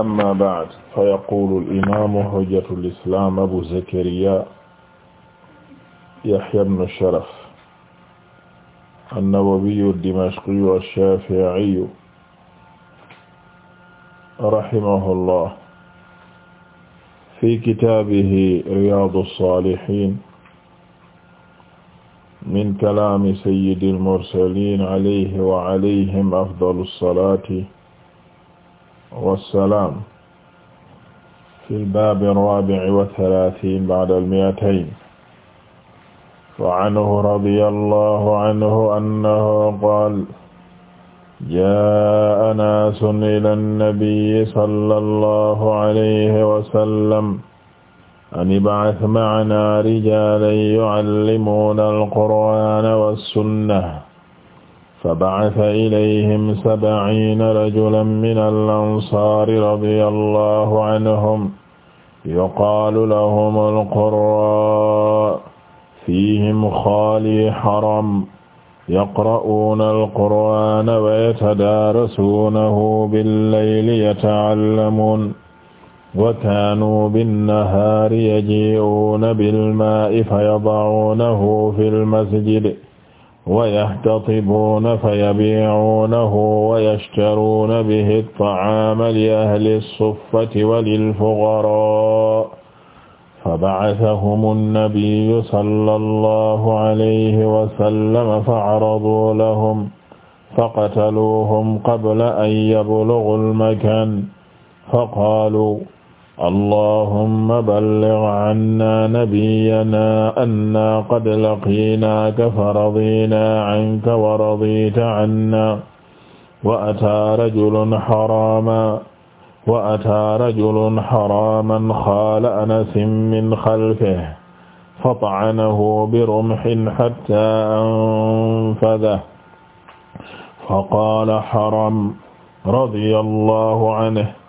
amma ba'd fa yaqulu al-imaamu hujjatu al-islaam abu zakariyaa yahyaa ibnu sharaf an-nawawiyyu ad-dimashqiyyu ash-shaafi'iyyu rahimahullah fi kitaabihi riyaadu as-saalihiin min kalaami sayyidi al-mursaliin alayhi wa alayhim afdalu as-salaati wassalaam fi lbaabi arraabi'i wathalaathiin ba'da al-mi'atayn wa anhu radiya allahu anhu annahu qaala jaa'a naasun ilaa nnabiyyi sallallahu alayhi wa sallam an ib'ath ma'anaa rijaalan yu'allimuuna al-qur'aana was-sunnah fa ba'atha ilayhim sab'iina rajulan mina al-ansaari radiyallaahu anhum yuqaalu lahum al-qurraa' fiihim xaali haram yaqra'uuna al-qur'aana wa yatadaarasuunahu bil-layli yata'allamuun wa kaanuu bin-nahaari yajii'uuna bil-maa'i fa yada'uunahu fil-masjid wa yahtatibuuna fa yabiicuunahu wa yashtaruuna bihi ttacaama li ahli ssuffati wa lilfuqaraa fa bacasahum nnabiyyu sallallahu alayhi wa sallam facaraduu lahum faqataluuhum qabla an yablughuu lmakaan faqaaluu allahumma balligh cannaa nabiyyanaa annaa qad laqiinaaka faradiinaa canka wa radiita cannaa wa ataa rajulun haraaman wa ataa rajulun haraaman xaala anasin min xalfihi fatacanahu birumhin hattaa anfadahu faqaala haram radiyallaahu canhu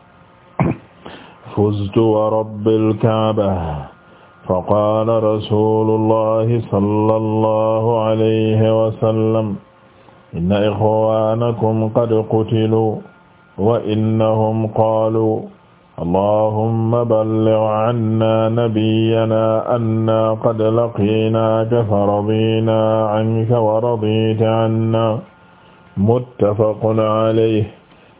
فزت ورب الكعبة فقال رسول الله صلى الله عليه وسلم إن إخوانكم قد قتلوا وإنهم قالوا اللهم بلغ عنا نبينا أنا قد لقيناك فرضينا عنك ورضيت عنا متفق عليه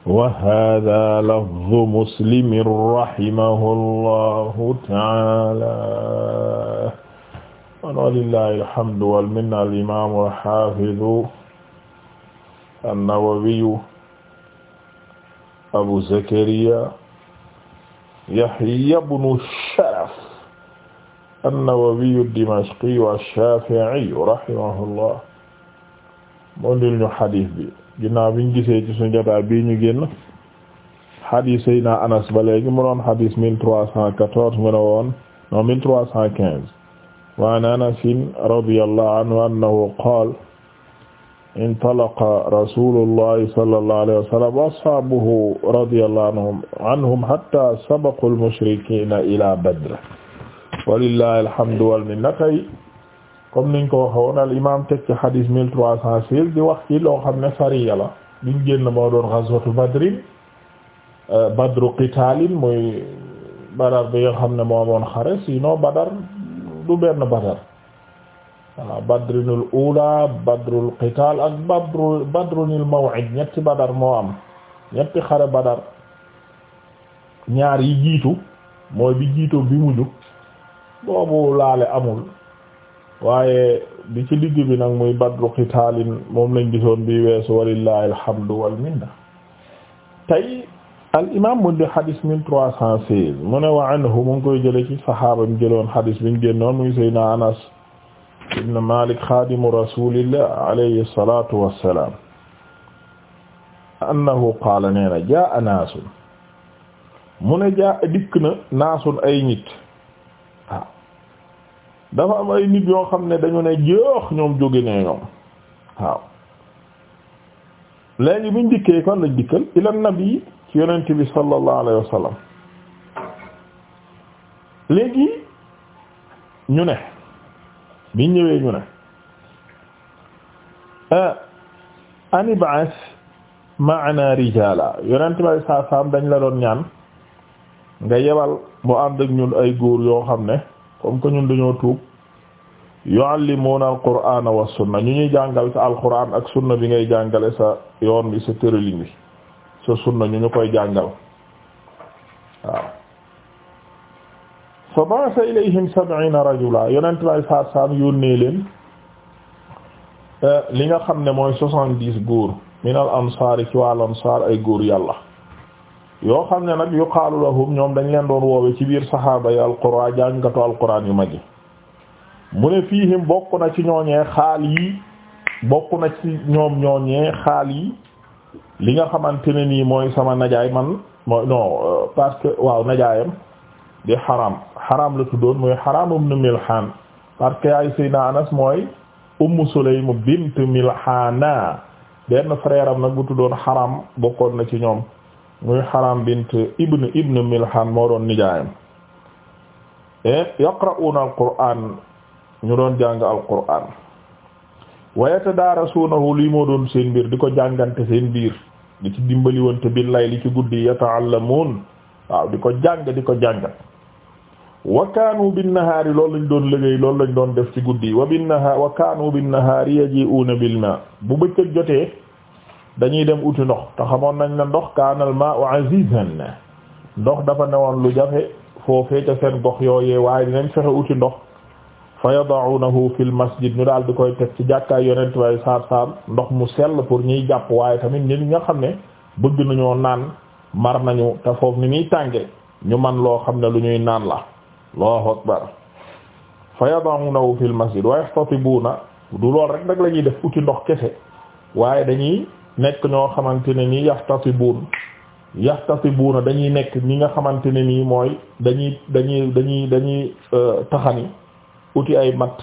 wa haaza lafzu muslimin rahimahullahu ta'aala an walillahi alhamdu wal minna al imaamu al-haafidu an-Nawawiyu Abu Zakariya Yahya ibnu Sharaf an-Nawawiyu ad-Dimashqiyu ash-Shaafi'iyu rahimahullah moo dil ñu hadiis bi ginnaaw biñ gisee ci suñu jotaay bii ñu génn xadiis Seydina Anas ba léegi mu doon xadiis mille trois cent quatorze mu ne woon non mille trois cent quinze wa an anasin radiyallahu anhu annahu qaal intalaqa rasulullahi sallallahu alayhi wa sallam wa ashaabuhu radiyallahu anhum anhum hatta sabaqu almushrikina ila badr walillahi alhamdu wal minna comme niñ ko waxe woon al imam teg ci xadis mille trois cent seize di wax ci loo xam ne sariya la liñ génn moo doon ghazwatu badrin euh, badru qitaalin muy badar bi nga xam ne moo amoon xare sinon badar du benn badar waaw badrinul ula badrul qitaal ak badru badrunil maw'id ñetti badar moo am ñetti xare badar ñaar yi jiitu mooy bi jiitu bi mujj boobu laale amul waaye bi ci digg bi nag muy badru qitaalin moom lañ gisoon bi weesu walillahi alhamdu wal minna tey al mu di hadis mille trois cent seize mu ne wa anhu mu ngi koy jële ci sahaaba mi jëloon hadis biñ génnoon muy saydna anas ibn malik xadimu rasulillah alayhi salatu wassalam annahu qaala nee jaa naasun mu ne jaa dikk na naasun ay nit dafa am ay nit yoo xam ne dañu ne joox ñoom jóge ne ñoom waaw léegi buñ dikkee kon lañ dikkal ila nabi ci yonent bi sallallahu alayhi wa léegi ñu ne biñ ñëwee ñu ne anibas maana rijala yonent bi saa saam dañ la doon ñaan nga yebal mu ànd ak ñun ay góor yoo xam ne comme que ñun dañoo tuub yuallimuuna alqur'ana wa sunna ñu ñuy jàngal sa alqur'an ak sunna bi ngay jàngale sa yoon bi sa tërëlin bi sa sunna ñu ñu koy jàngal waaw fa ba'atha ilayhim sab'ina rajula yonent lay saat saam yónnee leen eh, li nga xam ne mooy soixante-dix góor min al ansaar ci wàll ansaar ay góor yàlla yoo xam ne nag yuqaalu lahum ñoom dañ leen doon woowe ci biir saxaaba yi alquraan jàngatu alquraan yu magi mu ne fiihim bokk na ci ñooñee xaal yi bokk na ci ñoom ñooñee xaal yi li nga xamante ne nii mooy sama najaay man mooy euh, parce que waaw najaayam di xaram xaram la tuddoon mooy xaram ibn milhaan parce que yaay sayna anas mooy ummu sulaym bint milhaana benn frère am nag bu tuddoon xaram bokkoon na ci ñoom muy Haram bint Ibn Ibn Milhan moo doon nijaayam eh, yaqra'una al-Qur'aan ñu doon jàng al-Qur'aan wa yatadaarasuunahu lii moo doon seen mbir di ko jàngante seen biir di ci dimbali wante bil li ci guddi yata'allamuun waaw di ko jàng di ko jàngat wa kaanu binnahaari lool lañ doon liggéey loolu lañ doon def ci guddi wa binnahaari wa kaanu binnahaari yaji'uuna bu bëccëg jotee dañuy dem uti ndox te xamoon nañ la ndox kaanal maa'u azizan ndox dafa newoon lu jafe foofee ca seen gox yooyee waaye dinañ fexe uti ndox fa yada'unahu fil masjid ñu daal di koy teg ci jàkkaay yonent way saab saab ndox mu sell pour ñuy jàpp waaye tamit ñi nga xam ne bëgg nañoo naan mar nañu te foofu ni muy tànge ñu man loo xam ne lu ñuy naan la allahu akbar fa yada'unahu fil masjid wa yahtatibuuna du lool rek lañuy def uti ndox kese waaye dañuy nekk ñoo xamante ne nii yahtasibuun yahtasibuuna dañuy nekk ñi nga xamante ne nii mooy dañuy dañuy dañuy dañuy euh, taxani uti ay matt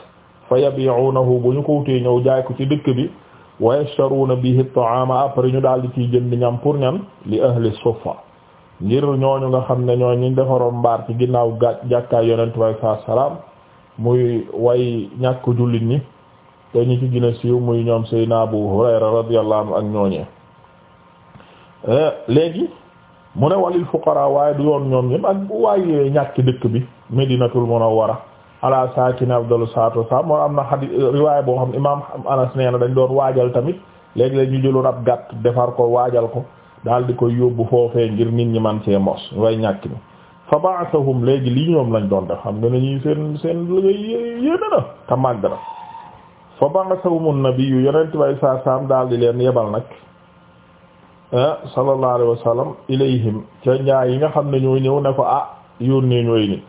fa yabi'unahu bu ñu ko wutee ñëw jaay ko ci dëkk bi wa yashtaruuna bihi ta'aama après ñu daal di ciy jënd ñam pour ñan li ahli suffa ngir ñooñu nga xam ne ñoo ñu defaroon mbaar ci ginnaaw gàc jàkkaay yonent way saa salaam muy way ñàkk jullit ñi te ñu ci gën siiw muy ñoom Seydina Abu Hurayra radiyallahu anhu ak ñooñee eh, léegi mu ne walil fuqara waaye du yoon ñoom ñëpp ak waaye ñàkk dëkk bi Madinatul Munawwara ala saakini afdalu salaatu wassalaam moo am na riwaay boo xam imaam Anas nee dañ doon waajal tamit léegi-léeg ñu jëloon ab gàtt defar ko waajal ko daal di koy yóbbu foofee ngir nit ñi man cee mos way ñàkk ni fa ba'athahum léegi lii ñoom lañ doon def xam nga ne ñuy seen seen liggéey yéeme na te màgg fa ba'athahum an-nabiyyu yonent bay saa daal di leen yebal nag ah, sallallahu alayhi wa ilayhim ca yi nga xam ne ñoo ñëw ne ko ah yónnee ñooy nit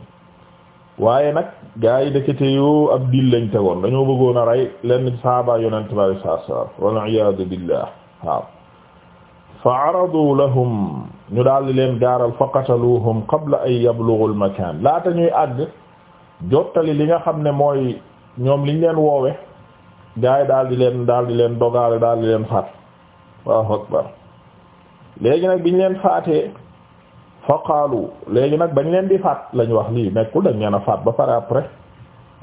waaye nag gaa yi dëkkate yoo ab dil lañ tegoon dañoo bëggoon a rey leen saaba yonent bay saa saam wal iyaadu billah waaw fa aradu lahum ñu daal di leen gaaral fa qataluuhum qabla an yablughu al makaan laata ñuy àgg jottali li nga xam ne mooy ñoom liñ leen woowe gaa yi daal di leen daal di leen dogaale daal di leen faat waaw akbar léegi nag biñ leen faatee fa léegi nag bañ leen di faat lañ wax lii nekkul dañ leen faat ba pare après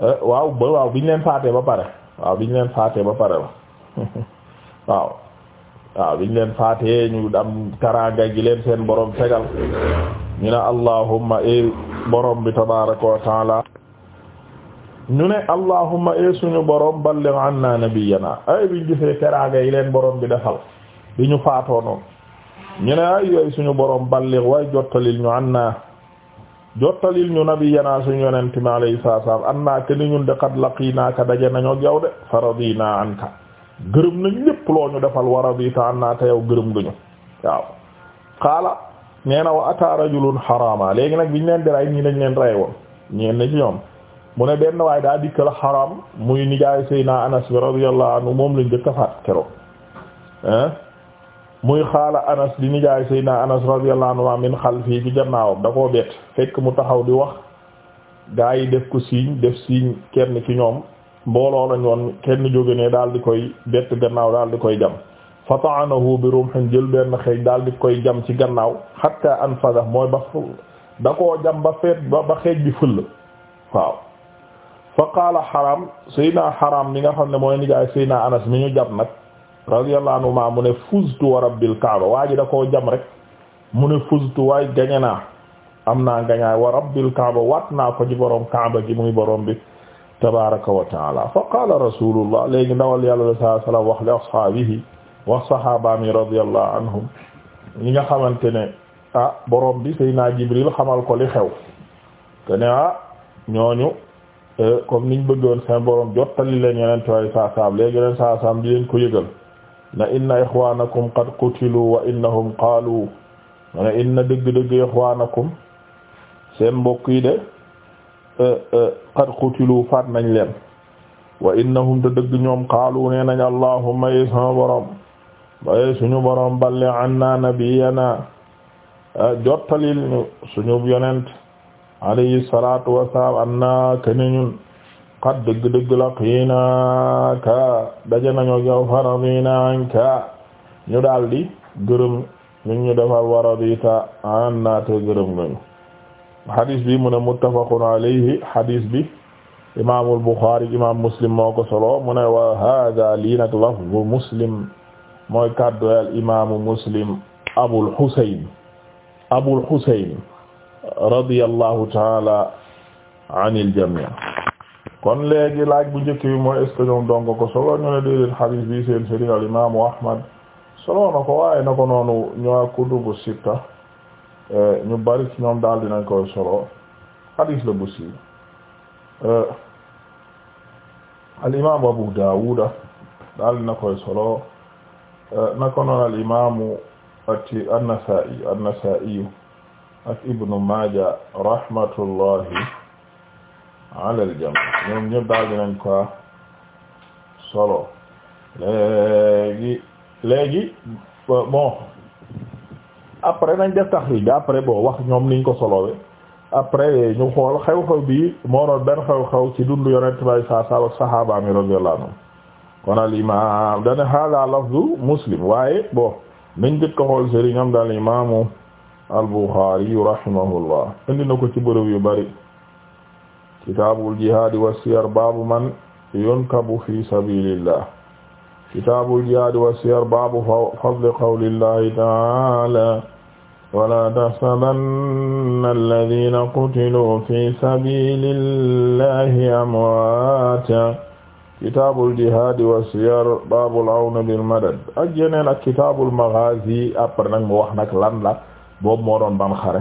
eh, waaw ba waaw biñ leen faatee ba pare waaw biñ leen faatee ba pare la waaw waaw biñ leen faatee ñu am taraanga gi leen seen boroom fegal ñu ne allahumma e borom bi tabaaraka wa taala ñu ne allahumma ee eh, suñu borom balligh anna nabiyyana ay biñ gisee teraanga yi leen borom bi defal bi ñu faatoo noonu ñu ne ay suñu borom balligh waaye jottalil ñu anna jottalil ñu nabiyyana suñu yonent mi alayhi salaam anna ke ni ñun de qad laqiinaaka daje nañoo ak yow de faradina anka gërëm nañ lépp loo ñu defal wa radita anna te yow gërëm nga ñu waaw qaala nee na wa ata rajulun harama léegi nag biñ leen di rey ñii dañ leen rey woon ñeen na ci ñoom mu ne benn waaye daa dikkal xaram muy nijaay Seydina Anas bi radiyallahu anhu moom lañ njëkk a faat keroog muy xaala Anas di nijaay naa Anas radiyallahu anhu min xalfi ci gannaawam da koo bett fekk mu taxaw di wax gaa yi def ko siiñ def siiñ kenn ci ñoom mbooloo lañ woon kenn jóge ne daal di koy bett gannaaw daal di koy jam fa ta'anahu bi rumhin jël benn xëy daal di koy jam ci gannaaw hatta anfada mooy ba da koo jam ba feet ba xeej bi fëll waaw fa qaala xaram saydna xaram mi nga xam ne mooy nijaay saydna anas mi ñu jam nag radiyallahu anhu ma mu ne fuztu wa rabbil kaaba waa ji da koo jam rek mu ne fuztu waay gañe naa am na gañaay wa rabbil kaaba waat naa ko ci borom kaaba gi muy borom bi tabaraka wa taala fa qaala rasulullah léegi ndawal yàlla sallallahu alayhi wasallam wax li ashaabihi wax sahabaami radiyallahu anhum ñi nga xamante ne ah, borom bi saydna jibril xamal ko li xew te ne ah Euh, comme niñ bëggoon seen borom jottali leen yeneen tuwaay saa saam leen saa di leen ko yëgal na inna ixwanakum qad qutilu wa innahum qaalu na inna dëgg-dëgg ixwanakum seen mbokk yi de euh, euh, qad qutilu faat nañ leen wa innahum te dëgg ñoom qaalu nee nañ allahumma yi borom baye suñu borom balli anna nabiyana jottalil suñu yonent alayhi salatu wasalaam anna kene ñun qad dëgg-dëgg daje nañu yow fa radinanka ñu daldi gërëm ñu ñu defal wa radita anna te gërëm ngañu hadis bi mu ne muttafaqun alayhi hadis bi imaamul Buxaari imaam Muslim moo ko solo mu wa hada lii nag Muslim mooy kàddu al imaamu Muslim Abul Husayn radiyallahu taala anil kon léegi laaj bu njëkk bi mooy est-ce que ñoom dong ko solo ñu ne déedéet xadiis bi seen sëriñ al imaamu Ahmad solo na ko waaye na noonu ñoo kutubu sitta eh, ñu bari ci ñoom daal dinañ koy solo xadiis la bu eh, al imaamu Abu Daawuda daal dina koy solo eh, na ko noonu al imaamu ati an-Nasaa'i ak ibnu Maaja rahmatullahi ala al ñoom ñëpp daal dinañ ko solo léegi léegi bon après nañ def taxrij bi après bon wax ñoom niñ ko solowe après ñu xool xew-xew bi moo doon benn xew-xew ci dundu yonent bay saa saa ak sahaaba mi radiyallahu kon al imam dana hada lafdu muslim waaye bon niñ jëkk ko xool sëriñam dal imaamu al-Bukhari rahimahullah indi na ko ci bërëb yu bari kitaabul jihaadi wa siyar baabu man yunkabu fi sabilillah kitaabul jihaadi wa siyar baabu fadli qawlillahi ta'ala wala tahsabanna alladhina qutiluu fi sabilillahi amwaatan kitaabul jihaadi wa siyar baabul awn bil madad ak yeneen ak kitaabul maghaazi après nag mu wax nag lan la boob moo doon ban xare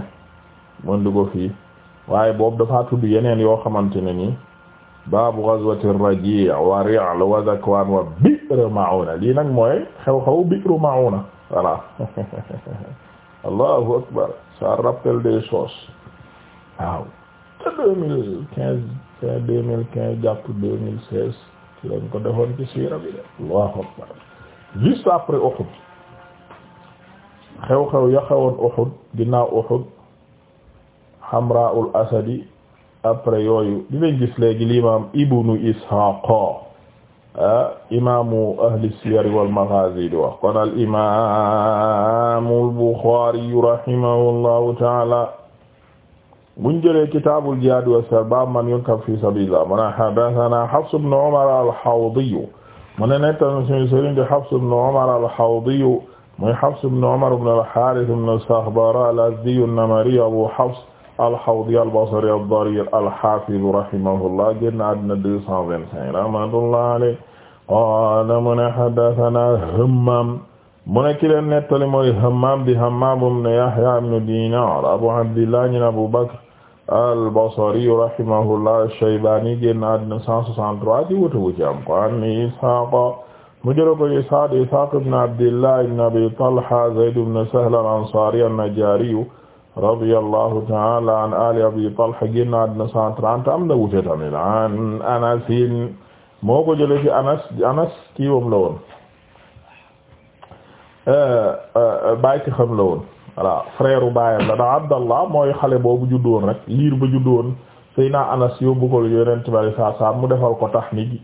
mën di fii waaye boobu dafa tudd yeneen yoo xamante ne nii baabu ghazwati ar-Raji' wa Ri'l wa Zakwaan wa Bi'r lii nag mooy xew-xew Bi'r Ma'una voilà allahu akbar ça rappelle des choses waaw te deux mille quinze fin deux mille jàpp seize ci lañ ko defoon ci siira bi de allahu akbar juste après Uhud xew-xew ya xewoon Uhud ginnaaw Uhud Hamra'ul Asadi après yooyu dinañ gis léegi l'imam Ibnu Ishaaq ah, imaamu ahli siyar wal maghaazi di wax kon al imaamul Buxaari rahimahullahu ta'ala buñ jëlee kitaabul jihaad wa siyar baab man yunkab fi sabiilillah mu ne haddasanaa Hafs ibnu Umar al-Hawdi mu ne nettan suñu sëriñ di Hafs ibnu Umar al-Hawdi mooy Hafs ibn Umar ibn al-Harith ibn Sakhbara al-Azdi an-Namari Abu Hafs al-Hawdi al-Basri ad-Dari al-Hafiz rahimahullah génn àddina 225 rahmatullahi alayhi qaala mu ne haddathana Hammam mu ne ki leen nettali mooy Hammam di Hammam ibn Yahya ibn Dinar Abu Abdillah ibn Abu Bakr al-Basri rahimahullah ash-Shaybani génn àddina 163 di wuute wu ci am ko an Ishaq mu jëloon ko Isxaaq Isxaaq ibn Abdillah ibn Abi Talha Zayd ibn Sahl ansaari an-Najjaari radiyallahu ta'ala an ali Abi Talha génn àddina 130 am na wuute tamit an Anas moo ko jëlee ci Anas Anas kii wam la woon euh, euh, baay ci xam la woon voilà frère Abdallah mooy xale boobu juddu woon liir bu juddu woon Seydina Anas yóbbu ko Yonent bi sallallahu alayhi mu defal ko tahniid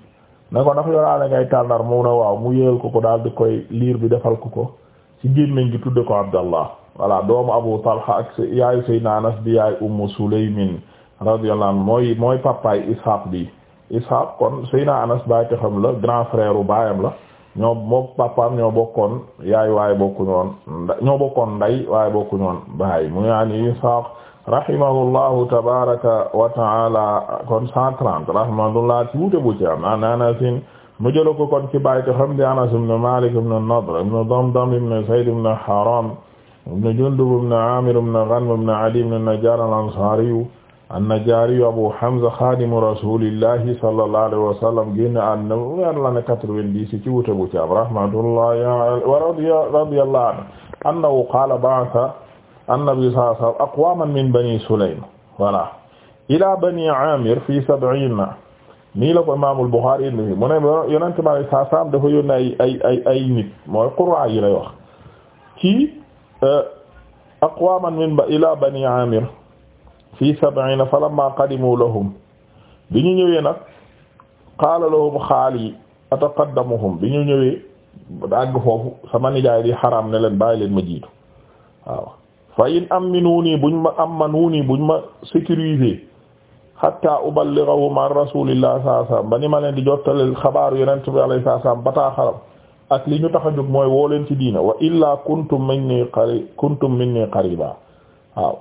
na ko ndax yoraale ngay tànnar mu ne waaw mu yéyal ko ko daal di koy liir bi defal ko ko ci gémmiñ gi tudde ko abdallah voilà doomu abu talha ak yaayu saydna anas bi yaay ummu sulaymin radiyallahu anhu mooy mooy papaay ishaq bi ishaq kon saydna anas baay te xam la grand frère u baayam la ñoo moo papaam ñoo bokkoon yaay waaye bokkuñoon ñoo bokkoon nday waaye bokkuñoon baay mu yaani ishaq rahimahullahu tabaraka wa taala kon 130 rahimahullah ci wuute bu ci am an anasin mu jëla ko kon ci bàyyi ko xam di anas ibn malik ibn nadr ibn damdam ibn zayd ibn haram ibn jundub ibn amir ibn ghanm ibn adi ibn najjar al-ansari an-najjari abu hamza khadimu rasulillahi sallallahu alayhi wa sallam génn àddina weer la ne 90 ci wuute bu ci am rahmatullahi wa radiyallahu anhu annahu qala ba'atha annabi sallallahu alayhi wa sallam aqwaman min bani sulaym voilà ila bani amir fi sab'ina nii la ko imaamul Buxaari indi mu ne yonente mi alayhi salaatu salaam dafa yónni ay ay ay ay nit mooy qurra yi lay wax ci euh, aqwaman min ila bani amir fi sab'ina falamma qadimu lahum bi ñu ñëwee nag qaala lahum xaali ataqaddamuhum bi ñu ñëwee àgg foofu sama nijaay di xaraam ne leen bàyyi leen ma jiitu waaw fa in bu ñu ma am ni bu buñ ma sécuriser hatta uballighahum an rasuulillah sallallahu alayhi wasallam ba ni ma leen di jottale xabaaru yonent bi alayhi salaam bataaxalam ak li ñu tax a jóg mooy woo leen ci diina wa illaa kuntum minni qari kuntum minni qariba waaw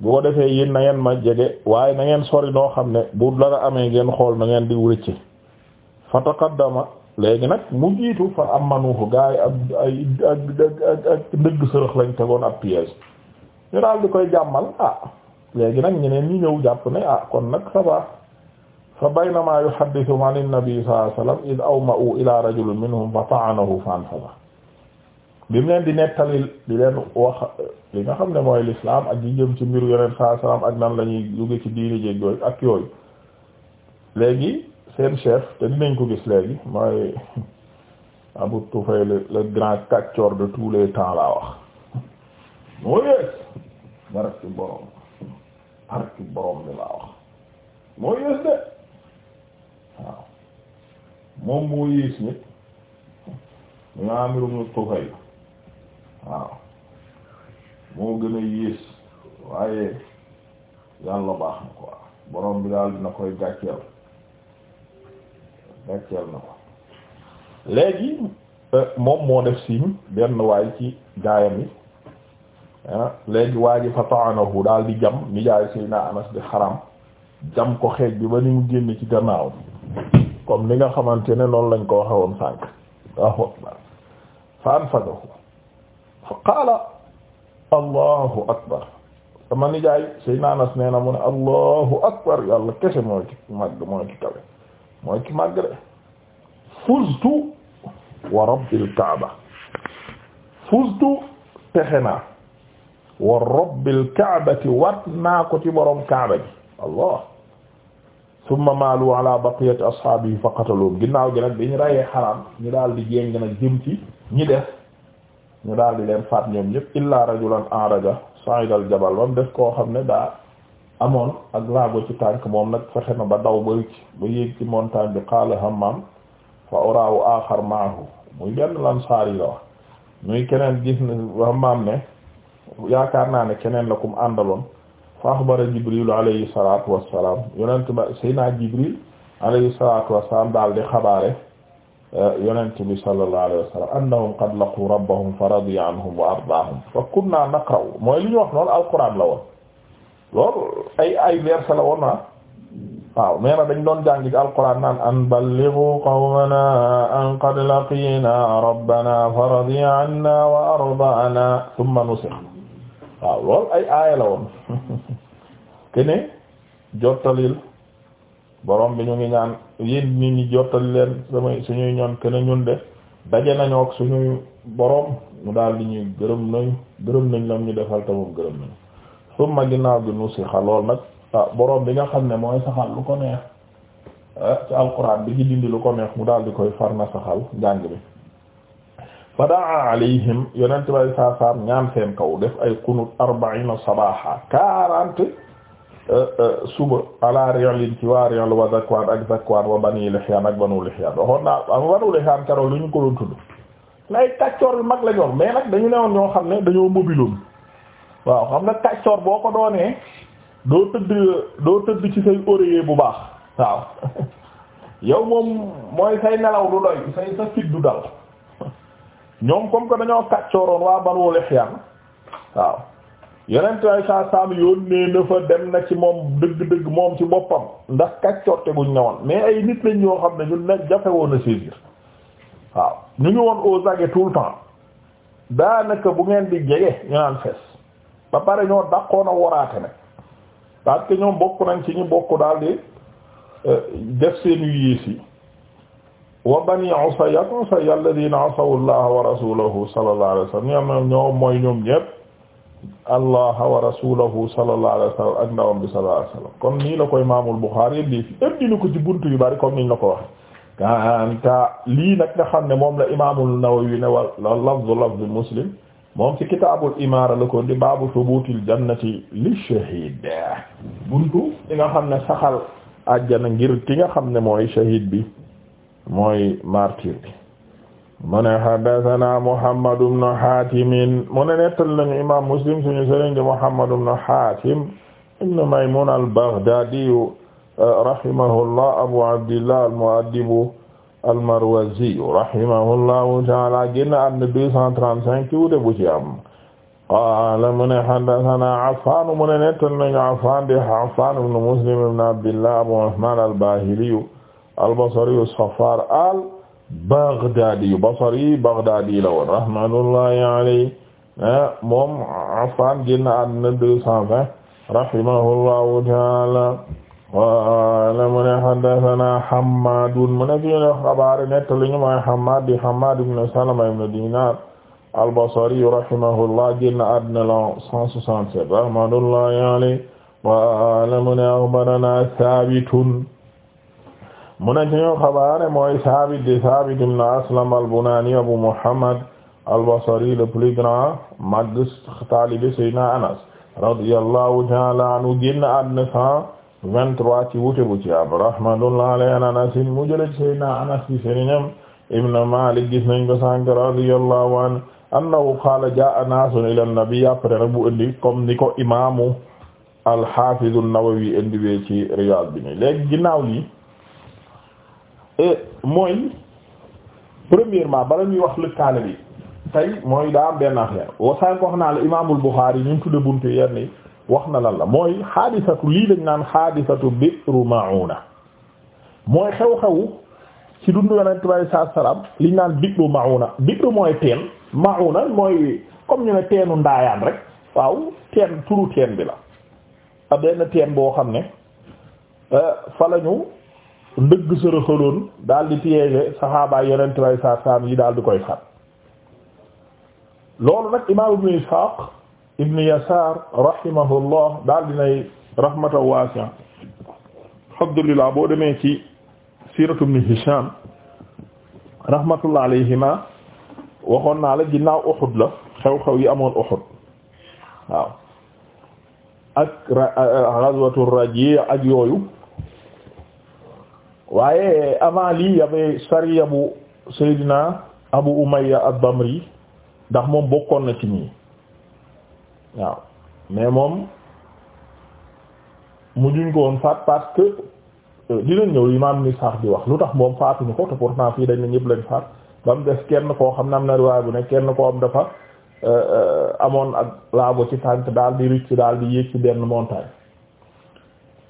bu ko defee yéen na ngeen ma jege waaye na ngeen sori noo xam ne bu dara amee ngeen xool na ngeen di wërëcce fa taqaddama léegi nag mu jiitu fa am manuuxu gaa yi ak ak ak sërëx lañ tegoon ab piège ñu daal di koy jàmmal ah léegi nag ñeneen ñi ñëw jàpp nañ ah kon nag ça va fa baynama yuhaddithu an an-nabi sallallahu alayhi wasallam id awma'u ila rajulin minhum fa ta'anahu fa anfadha bi mu leen di nettali di leen wax li nga xam ne mooy lislaam ak yi ci mbiru yeneen sallallahu alayhi wasallam ak nan la ñuy jóge ci diini jéeg yooyu ak yooyu léegi seen chef te dinañ ko gis léegi mooy Abu Tufayl le grand kaccoor de tous les temps laa wax moo yées barak ci borom barak ci borom bi laa wax moo yées de waaw moom moo yées nit ñu nga amirum nu Tufayl waaw moo gën a yées waaye yàlla baax na quoi borom bi daal dina koy gàcceel wàcceel na ko léegi euh, moom moo def signe benn waay ci gaayam yi ah léegi waa ji fa ta'anahu daal di jam ni jaay Seydina Anas di xaram jam ko xeej bi ba ni mu génn ci gannaaw comme ni nga xamante ne noonu lañ ko waxe woon sànk waaw akbar fa anfadahu fa qaala allahu akbar sama nijaay Seydina Anas nee mu ne allahu akbar yàlla kese mooy ci mag mooy ci kawe mooy ki màgg de fuztu wa rabbil kaaba texe naa wa rabbil wat naa ko ci borom kaaba bi allah summa maalu ala baqiyati ashaabihi fa qataluhum ginnaaw gi nag bi ñu rayee xaraam ñu daal di jéng nag jëm ñi def ñu daal di leen faat ñoom ñëpp illa rajulan araja sa'idal jabal bam def koo xam ne daa amoon ak laago ci tànk moom nag fexe na ba daw ba ricc ba bi qaala Hammam fa oraawu aaxar maahu muy benn lansaar yi la muy keneen gis na Hammam ne yaakaar naa ne keneen la kum àndaloon fa axbara Jibril alayhi salaatu wassalaam yonent ba Seydina Jibril alayhi salaatu wassalaam daal di xabaare eh, yonent bi sallallahu alayhi wa sallam annahum qad laqu rabbahum fa radiya anhum wa ardaahum fa kunna naqra'u mooy li ñu wax noonu alquran la loolu ay ay verset la woon ah waaw nee na dañ doon jàngi ci alquran naan an ballighu qawmana an qad laqina rabbana faradiya anna wa ardana thumma nusikh waaw loolu ay aaya la woon kene jottalil borom bi ñu ngi ñaan yéen nit ñi jottali leen samay suñuy ñoon kene ñun de daje nañu ak suñuy borom mu daal di ñuy gërëm nañ gërëm nañ lam ñu defal tamam gërëm nañ summa ginnaaw gi nusixa lool nag ah, boroom bi nga xam ne mooy saxal lu ko neex ah, ci alquran bi ci dindi lu ko neex mu daal di koy far na saxal njàng bi fa daa alayhim yonent bay saasaam ñaan seen kaw def ay kunut arbaina sabaha quarante eh, eh, suba ala ri'lin ci waa ri'l wa zakwaan ak zakwaan wa bani lihyan ak banu lihyan waxoon naa am banu lihyan karol lu ko doon tudd nay kàccoor yu mag la ñoon nag dañu newoon ñoo xam ne dañoo mobiloon waaw xam nga kàccoor boo ko doonee doo tëdd doo tëdd ci say oreiller bu baax waaw yow moom mooy say nelaw du doy say sa fit du dal ñoom comme que dañoo kàccooroon waa Banu Lihyan waaw yeneen ay saa saam yónnee na fa dem na ci moom dëgg-dëgg moom ci boppam ndax kàccoor te guñ ne woon mais ay nit lañ ñoo xam ne ñun nag jafe woon a saisir waaw ñu ngi woon aux aguets tout le temps daanaka bu ngeen di jege ñu naan fees ba pare ñoo dàqoon a waraate nag parce que ñoom bokk nañ ci ñu bokk daal di euh, def seen yées yi wa bani Usayya Usayya alladhina asaw allaha wa rasulahu sallallahu alayhi wa sallam ñoom mooy ñoom ñépp allaha wa rasulahu sallallahu alayhi wa sallam ak ndawam bi sallallahu alayhi wa sallam kon nii la koy imaamul Bukhari indi fi indi ko ci buntu yu bari comme niñ la ko waxe kanta lii nag nga xam ne moom la imaamul Nawawi ne wa lafzu lafzu Muslim moom ci kitaabul imaara la ko di baabu subuutil jannati li shahiid buntu li nga xam ne saxal àjjana ngir ki nga xam ne mooy shahiid bi mooy martyr bi mu ne haddasanaa Muhammad ibn Haatim mu ne nettal lañu imaam Muslim suñu sëriñ Muhammad ibn Haatim ibn Maymuun al-Baghdaadi rahimahullah abu Abdillah al-Mu'addib al-Marwazi rahimahullahu ta'ala génn àdduna 235 ci wute bu ci am qaala mu ne haddathana Affan mu ne nettal nañu Affan de Affan ibn Muslim ibn Abdillah Abu Uthman al-Bahili al-Basri as-Saffar al-Baghdadi Basri Baghdadi la woon rahmatullahi alayhi eh, moom Affan génn àdduna 220 rahimahullahu ta'ala wala mu ne haddathana Hammaadun mu ne ki ñu xabaar nettali ñu mooy Hammaad di Hammaad ibn Salama ibn Dinar al-Basri rahimahullah génn àddina la 167 rahmatullahi alayhi wala mu ne akhbarana Saabitun mu ne ki ñu xabaar mooy Saabit di Saabit ibn Aslam al-Bunani Abu Muhammad al-Basri le plus grand mag taalibe Sayyidina Anas radiyallahu ta'ala anhu génn àddina 23 ci wute bu ci am rahmatullah alayhi an anasin mu jëlëj saydna anas bi ibn malik gis nañ ko sànk radiyallahu an annahu qaala jaa naasun ila après nag bu indi comme ni ko imaamu al-Hafiz an-Nawawi indi wee ci Riyad bi ni léegi ginnaaw lii e, mooy premièrement bala ñuy wax lëkkaale bi tey mooy daa am benn affaire wax naa la imaamul Bukhari ñu tudde buntu yenn wax na lan la mooy xaadisatu lii lañ naan xaadisatu bi'ru ma'una mooy xew-xew ci dundu yonent bi alayhi salaatu salaam liñ naan bi'ru ma'una bi'ru mooy teen ma'una mooy comme ñu ne teenu ndaayaan rek waaw teen turu teen bi la a benn teen boo xam ne euh, fa lañu ndëgg sërëxaloon dal di piéger saxaabaay yonent bi alayhi yi daal di koy fat loolu nag imaam Ibn Ishaq ibn Yasaar rahimahullah daal dinay rahmatan waasi'a alhamdulillah boo demee ci siiratu ibn Hishaam rahmatullah alayhima waxoon naa la ginnaaw Uhud la xew-xew yi amoon Uhud waaw ak ghazwatu Raji' ak yooyu waaye avant lii yabee sariya bu Seydina Abu Umayya ad-Damri ndax moom bokkoon na ci ñi waaw mais moom mu ko woon faat parce que euh, dinañ ñëw imaam ni sax di wax lu tax moom faatuñu ko te pourtant fii dañ ne ñëpp lañ faat ba mu des kenn koo xam ne am na riwaay bu ne kenn koo am dafa euh, euh, amoon ak laabo ci tànk daal di ricc daal di yéeg ci benn montagne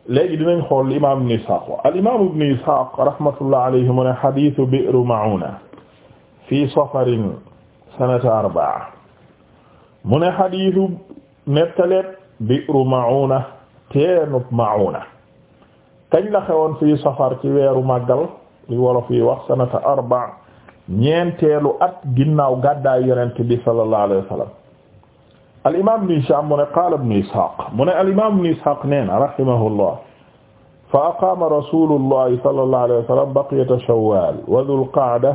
léegi dinañ xool imaam ibn Isaaq wa al imaam ibn Isaaq rahmatullah alayhi mu ne hadithu bi'r ma'una fi safarin sanata arba'a mu ne xadiisu nettaleet bi'ru ma'una teenub ma'una kañ la xewoon fii safar ci weeru màggal li wolof yi wax sanata arba ñeenteelu at ginnaaw gàddaay yonent bi sallallahu alayhi wa sallam al imaam ibn Hishaam mu ne qaala ibn Ishaaq mu ne al imaam ibn Ishaaq nee na rahimahullah fa aqaama rasuulullahi sallallahu alayhi wa sallam baqiyata shawwaal wa dhul qa'da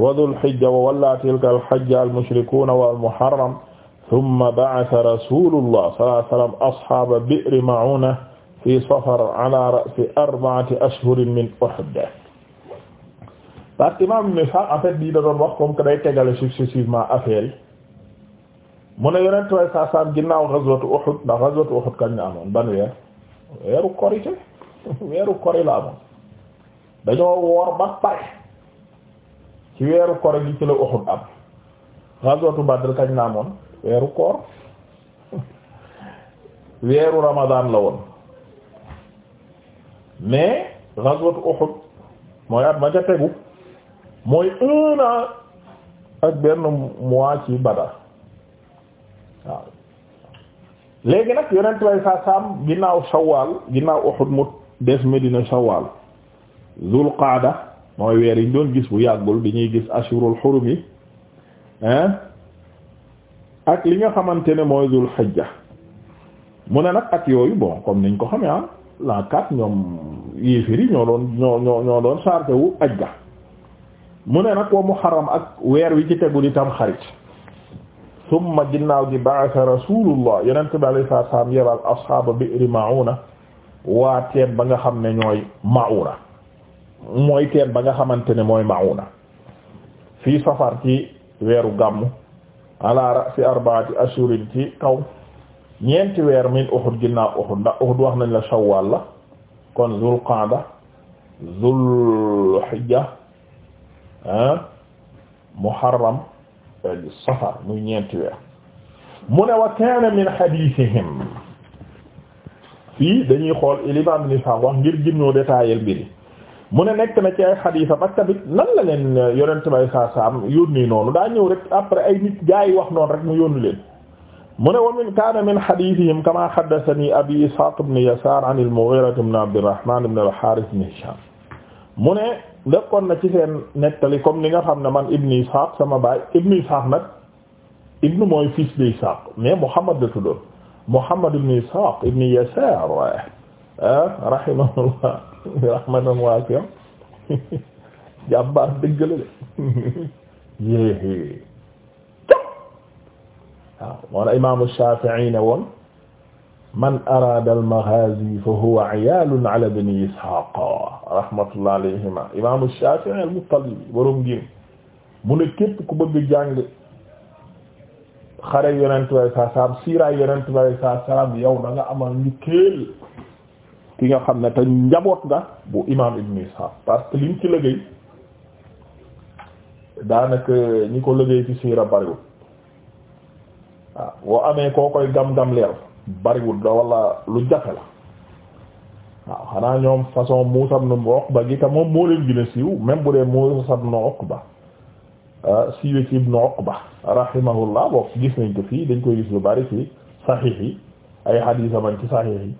wa dhul hijja wa wallaa tilka al hajja al mushrikuuna wal muharram tumma ba'atha rasuulullah sallallahu alayhi wa sallam ashaaba bi'ri ma'uuna fi safar ala ra'si arba'ati ashhurin min Uhud parce que imam ne sax en fait lii da doon wax comme que day tegale successivement affaire yi mu ne yonent way saa saam ginnaaw ghazwatu Uhud ndax ghazwatu Uhud kañ la amoon ban weer weeru kori te weeru kori la amoon dañoo woor ba pare ci weeru kori gi ci la Uhud am ghazwatu Badr kañ la amoon weeru koor weeru ramadan la mais ghazwat Uhud mooy at ma ca tegu mooy un an ak benn mois ci Badar léegi nag yonent way saa saam ginnaaw Shawwal ginnaaw Uhud mu des Medina Shawwal Zul Qaada mooy weer yi doon gis bu yàggul bi ñuy gis ashurul hurum hein ak li nga xamante ne mooy zul xijja mu ne nag ak yooyu bon comme niñ ko xamee ah la kat ñoom yéefiri ñoo doon ñoo doon chargé wu ajja mu ne nag mu muharram ak weer wi ci tegu di xarit summa ginnaaw gi ba'atha rasulullah yenente bi alai saatu salaam yebal ashaaba bi'ri ma'una waa teen ba nga xam ne ñooy ma'una mooy teen ba nga xamante ne mooy ma'una fii safar ci weeru gàmmu ala ra'si arba'ati ashurin ci kaw ñeenti weer min Uhud ginnaaw Uhud ndax Uhud wax nañ la shawwal la kon zul qaada zul hijja ah muharram eh, safar muy ñeenti weer mu ne wa kaana min hadithihim fii dañuy xool ilimam ni fa wax ngir gimnoo détailler mbiri mu ne nekk na ci ay xadiisam ak tamit nan la leen euh, yonent bay saa saam yónni noonu daa ñëw rek après ay nit gaa yi wax noonu rek mu yónni leen mu ne wa min kaana min xadiisihim kama xaddasani abi Isxaaq ibn Yasaar an al-Mughiira ibn Abdirrahmaan ibn al-Haaris ibn Hishaam mu ne nekkoon na ci seen nettali comme ni nga xam ne man ibn Isxaaq sama baay ibn Isxaaq nag ibn mooy fils de Isxaaq mais Muhammad la tuddoon Muhammad ibn Isxaaq ibn Yasaar Ah, rahimahullah rahmatan wasi'a jàmbaar dëggale de yéexee waaw ah, moo na imaamu Shaafi'i ne woon man araada al-maghaazi fa huwa ciyaalun ala bani Ishaaq rahmatullah alayhima imaamu Shaafi'i al-Muttalibi borom ngir mu ne képp ku bëgg jàng xare yonent bi sallallahu alayhi wa sallam siiraay yonent bi sallallahu alayhi wa sallam yow da nga amal njukkeel ki nga xam ne te njaboot nga bu imam ibn Ishaq parce que liñ ci liggéey daanaka ñi ko liggéey ci siira bariwul waaw boo amee koo koy gam-gam leer bariwul da wala lu jafe la waaw xanaa ñoom façon Muusa ibn Uqba gi ta moom moo leen gën a siiw même bu dee Muusa ibn Uqba ah, siiwe ci ibn Uqba rahimahullah bokk gis nañ ko fii dañ koy gis lu bari ci saxiix yi ay xadiis aman ci saxiix yi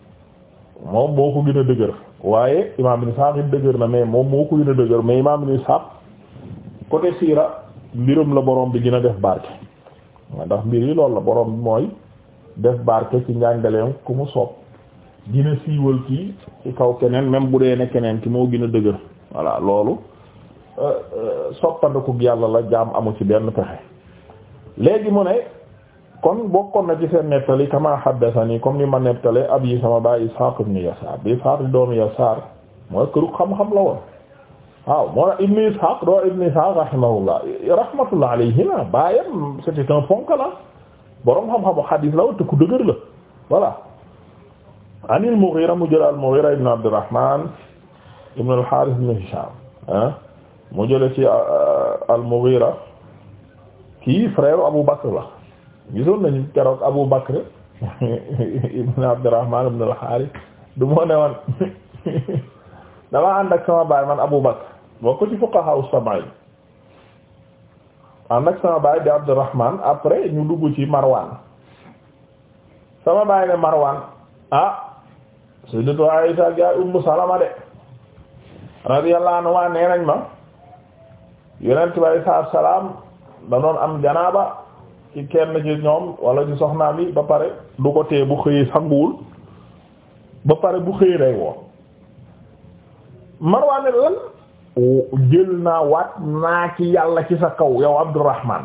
moom moo ko gën a dëgër waaye imaam ibn Ishaq it dëgër na mais moom moo ko gën a dëgër mais imaam ibn Ishaq côté siira mbirum la boroom bi gën a def barke ndax mbir yi lool la boroom mooy def barke ci njàngaleem ku mu soob dina siiwal kii ci kaw keneen même bu dee ne keneen ki moo gën a dëgër voilà loolu euh, euh, soppandiku yàlla la jaam amu ci benn pexe léegi mu ne kon bokkoon na ci seen nettali kama haddathani comme ni ma nettale abi sama baay Ishaq ibn Yasaar bi Ishaq di doomu Yasaar mooy këru xam-xam la woon waaw moo ibn Ishaq doo ibn Ishaq rahimahullah rahmatullah alayhima ah, baayam c'était un fonk la boroom xam-xamu la woon te ku dëgër la jël al Mughira ibn Abdurrahman ibn al ibn Hisham ah mu jële ci ah, Abu Bakr la gisoon nañu keroog Abu Bakr ibn Abdurrahman ibn al du moo ne woon damaa ànd ak sama baay man Abu Bakr boo ko ci fuqaha as-sab'a yi ànd ak sama baay di Abdurrahman après ñu dugg ci Marwan sama baay ne Marwan ah sayyidatu Aisha ga Ummu Salama de radiyallahu anha nee nañ ma yonent bi alayhi salaam da doon am janaaba ci kenn ci ñoom wala ci soxnaam yi ba pare du ko tee bu xëyee sanguwul ba pare bu xëyee rey woor Marwaan ne lan jël naa waat naa ci yàlla ci sa kaw yow Abdurrahman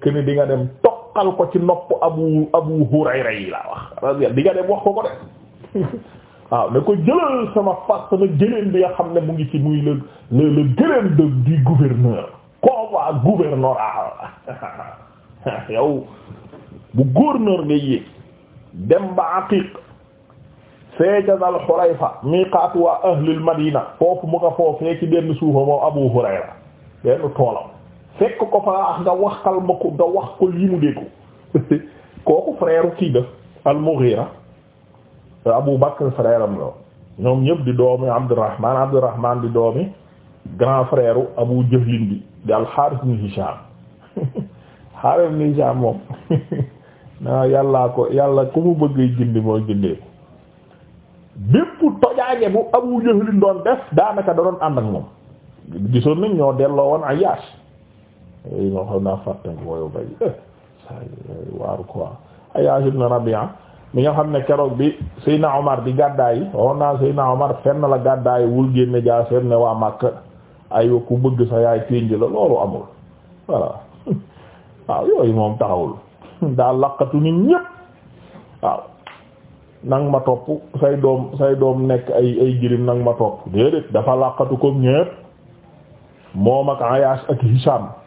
keni di nga dem toqal ko ci nopp Abu Abu Hurayra yi laa wax di nga dem wax ko ko de waaw ne ko jëlal sama fas sama jëleen bi nga xam ne mu ngi ci muy le le le gëléen de du gouverneur convoi gouverneur yow bu gouverneur ngay yéeg dem ba Aqiq fee ca Dal Xulayfa miiqaatu waa ahlil Madina foofu mu nga foofee ci benn suufa moom Abu Hurayra benn toolam fekk ko fa nga waxal ma ko nga wax ko lii mu déggu kooku frère kii def al-Mughira Abu Bakr frère am la ñëpp di doomi Abdurrahman Abdurrahman di doomi grand frère Abu Jahlin bi di al-Harith ibn Hisham xaaral ni sa moom non yàllaa ko yàlla ku mu bëggee gindi mooy gindee bépp tojaange bu Abu Jahl doon def daanaka da doon ànd ak moom gisoon nañ ñoo delloo woon Ayyash yi ñoo xam naa fàtte booyu bay eh, waaru quoi ah. Ayyash ibn mi nga xam ne keroog bi Seydina Omar di gàddaay waxoon naa Seydina Omar fenn la gàddaay wul génne jaaseer ne waa Makka ay ku bëgg sa yaay ténj la loolu amul voilà waaw yooyu moom taxawul daa laqatu nit ñépp waaw nang ma topp say doom say doom nekk ay ay jirim nang ma topp déedéet dafa laqatu comme ñépp moom ak Ayaas ak Hisham